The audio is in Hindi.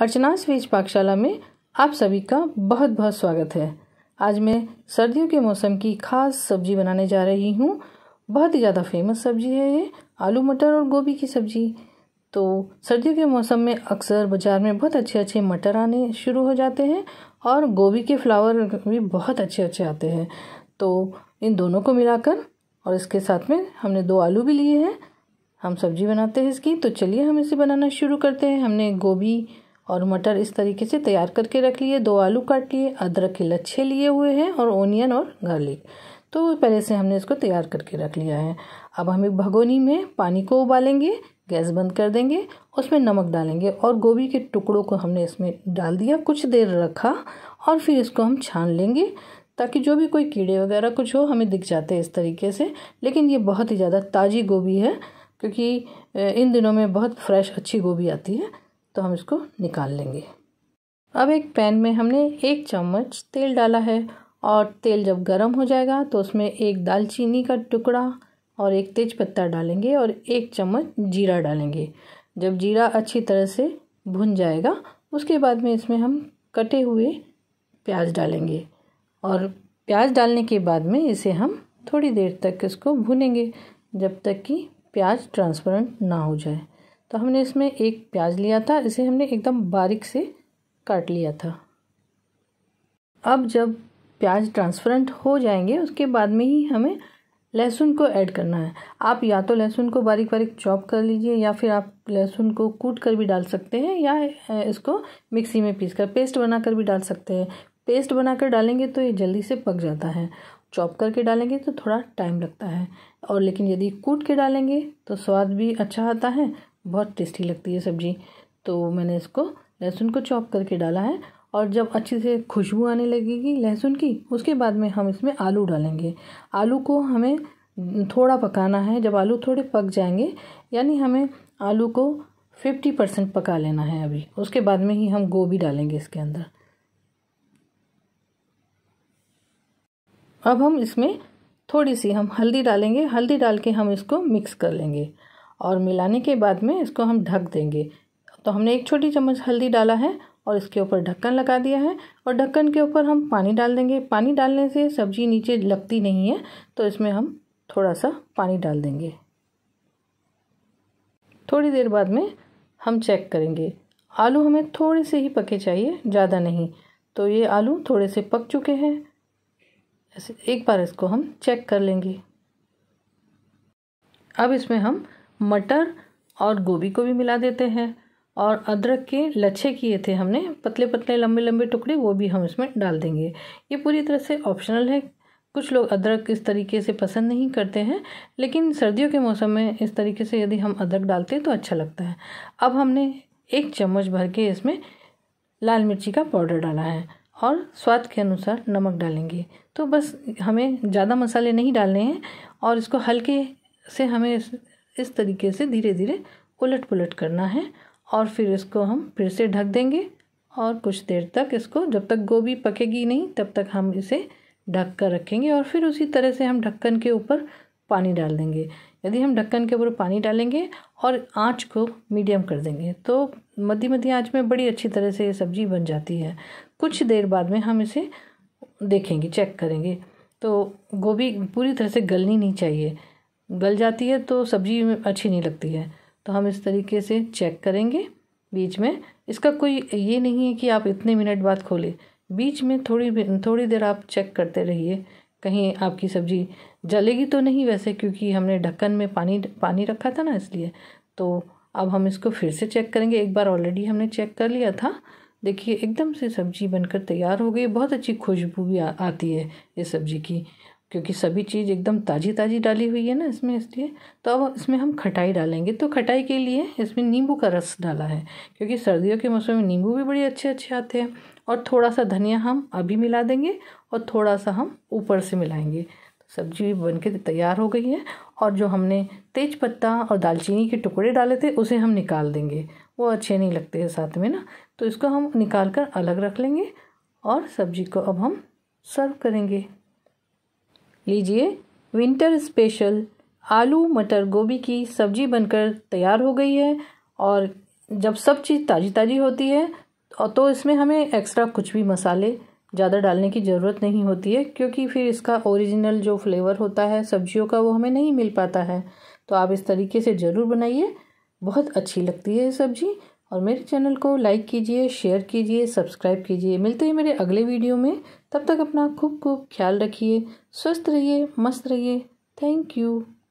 अर्चना स्वीज पाकशाला में आप सभी का बहुत बहुत स्वागत है आज मैं सर्दियों के मौसम की खास सब्जी बनाने जा रही हूँ बहुत ही ज़्यादा फेमस सब्जी है ये आलू मटर और गोभी की सब्जी तो सर्दियों के मौसम में अक्सर बाज़ार में बहुत अच्छे अच्छे मटर आने शुरू हो जाते हैं और गोभी के फ्लावर भी बहुत अच्छे अच्छे आते हैं तो इन दोनों को मिलाकर और इसके साथ में हमने दो आलू भी लिए हैं हम सब्जी बनाते हैं इसकी तो चलिए हम इसे बनाना शुरू करते हैं हमने गोभी और मटर इस तरीके से तैयार करके रख लिए दो आलू काट लिए अदरक के लच्छे लिए हुए हैं और ओनियन और गार्लिक तो पहले से हमने इसको तैयार करके रख लिया है अब हम एक भगोनी में पानी को उबालेंगे गैस बंद कर देंगे उसमें नमक डालेंगे और गोभी के टुकड़ों को हमने इसमें डाल दिया कुछ देर रखा और फिर इसको हम छान लेंगे ताकि जो भी कोई कीड़े वगैरह कुछ हो हमें दिख जाते हैं इस तरीके से लेकिन ये बहुत ही ज़्यादा ताज़ी गोभी है क्योंकि इन दिनों में बहुत फ्रेश अच्छी गोभी आती है तो हम इसको निकाल लेंगे अब एक पैन में हमने एक चम्मच तेल डाला है और तेल जब गर्म हो जाएगा तो उसमें एक दालचीनी का टुकड़ा और एक तेज पत्ता डालेंगे और एक चम्मच जीरा डालेंगे जब जीरा अच्छी तरह से भुन जाएगा उसके बाद में इसमें हम कटे हुए प्याज डालेंगे और प्याज डालने के बाद में इसे हम थोड़ी देर तक इसको भुनेंगे जब तक कि प्याज ट्रांसपेरेंट ना हो जाए तो हमने इसमें एक प्याज लिया था इसे हमने एकदम बारीक से काट लिया था अब जब प्याज ट्रांसफरेंट हो जाएंगे उसके बाद में ही हमें लहसुन को ऐड करना है आप या तो लहसुन को बारीक बारीक चॉप कर लीजिए या फिर आप लहसुन को कूट कर भी डाल सकते हैं या इसको मिक्सी में पीस कर पेस्ट बना कर भी डाल सकते हैं पेस्ट बनाकर डालेंगे तो ये जल्दी से पक जाता है चॉप करके डालेंगे तो थोड़ा टाइम लगता है और लेकिन यदि कूट के डालेंगे तो स्वाद भी अच्छा आता है बहुत टेस्टी लगती है सब्ज़ी तो मैंने इसको लहसुन को चॉप करके डाला है और जब अच्छे से खुशबू आने लगेगी लहसुन की उसके बाद में हम इसमें आलू डालेंगे आलू को हमें थोड़ा पकाना है जब आलू थोड़े पक जाएंगे यानी हमें आलू को फिफ्टी परसेंट पका लेना है अभी उसके बाद में ही हम गोभी डालेंगे इसके अंदर अब हम इसमें थोड़ी सी हम हल्दी डालेंगे हल्दी डाल के हम इसको मिक्स कर लेंगे और मिलाने के बाद में इसको हम ढक देंगे तो हमने एक छोटी चम्मच हल्दी डाला है और इसके ऊपर ढक्कन लगा दिया है और ढक्कन के ऊपर हम पानी डाल देंगे पानी डालने से सब्ज़ी नीचे लगती नहीं है तो इसमें हम थोड़ा सा पानी डाल देंगे थोड़ी देर बाद में हम चेक करेंगे आलू हमें थोड़े से ही पके चाहिए ज़्यादा नहीं तो ये आलू थोड़े से पक चुके हैं ऐसे एक बार इसको हम चेक कर लेंगे अब इसमें हम मटर और गोभी को भी मिला देते हैं और अदरक के लच्छे किए थे हमने पतले पतले लंबे लंबे टुकड़े वो भी हम इसमें डाल देंगे ये पूरी तरह से ऑप्शनल है कुछ लोग अदरक इस तरीके से पसंद नहीं करते हैं लेकिन सर्दियों के मौसम में इस तरीके से यदि हम अदरक डालते हैं तो अच्छा लगता है अब हमने एक चम्मच भर के इसमें लाल मिर्ची का पाउडर डाला है और स्वाद के अनुसार नमक डालेंगे तो बस हमें ज़्यादा मसाले नहीं डालने हैं और इसको हल्के से हमें इस तरीके से धीरे धीरे उलट पुलट करना है और फिर इसको हम फिर से ढक देंगे और कुछ देर तक इसको जब तक गोभी पकेगी नहीं तब तक हम इसे ढक कर रखेंगे और फिर उसी तरह से हम ढक्कन के ऊपर पानी डाल देंगे यदि हम ढक्कन के ऊपर पानी डालेंगे और आँच को मीडियम कर देंगे तो मध्य मध्य आँच में बड़ी अच्छी तरह से ये सब्ज़ी बन जाती है कुछ देर बाद में हम इसे देखेंगे चेक करेंगे तो गोभी पूरी तरह से गलनी नहीं चाहिए गल जाती है तो सब्ज़ी अच्छी नहीं लगती है तो हम इस तरीके से चेक करेंगे बीच में इसका कोई ये नहीं है कि आप इतने मिनट बाद खोलें बीच में थोड़ी थोड़ी देर आप चेक करते रहिए कहीं आपकी सब्ज़ी जलेगी तो नहीं वैसे क्योंकि हमने ढक्कन में पानी पानी रखा था ना इसलिए तो अब हम इसको फिर से चेक करेंगे एक बार ऑलरेडी हमने चेक कर लिया था देखिए एकदम से सब्ज़ी बनकर तैयार हो गई बहुत अच्छी खुशबू भी आ, आती है इस सब्ज़ी की क्योंकि सभी चीज़ एकदम ताज़ी ताज़ी डाली हुई है ना इसमें इसलिए तो अब इसमें हम खटाई डालेंगे तो खटाई के लिए इसमें नींबू का रस डाला है क्योंकि सर्दियों के मौसम में नींबू भी बड़े अच्छे अच्छे आते हैं और थोड़ा सा धनिया हम अभी मिला देंगे और थोड़ा सा हम ऊपर से मिलाएंगे सब्जी भी बन के तैयार हो गई है और जो हमने तेज पत्ता और दालचीनी के टुकड़े डाले थे उसे हम निकाल देंगे वो अच्छे नहीं लगते हैं साथ में ना तो इसको हम निकाल कर अलग रख लेंगे और सब्जी को अब हम सर्व करेंगे लीजिए विंटर स्पेशल आलू मटर गोभी की सब्जी बनकर तैयार हो गई है और जब सब चीज़ ताज़ी ताज़ी होती है तो इसमें हमें एक्स्ट्रा कुछ भी मसाले ज़्यादा डालने की ज़रूरत नहीं होती है क्योंकि फिर इसका ओरिजिनल जो फ्लेवर होता है सब्जियों का वो हमें नहीं मिल पाता है तो आप इस तरीके से ज़रूर बनाइए बहुत अच्छी लगती है ये सब्ज़ी और मेरे चैनल को लाइक कीजिए शेयर कीजिए सब्सक्राइब कीजिए मिलते हैं मेरे अगले वीडियो में तब तक अपना खूब खूब ख्याल रखिए स्वस्थ रहिए मस्त रहिए थैंक यू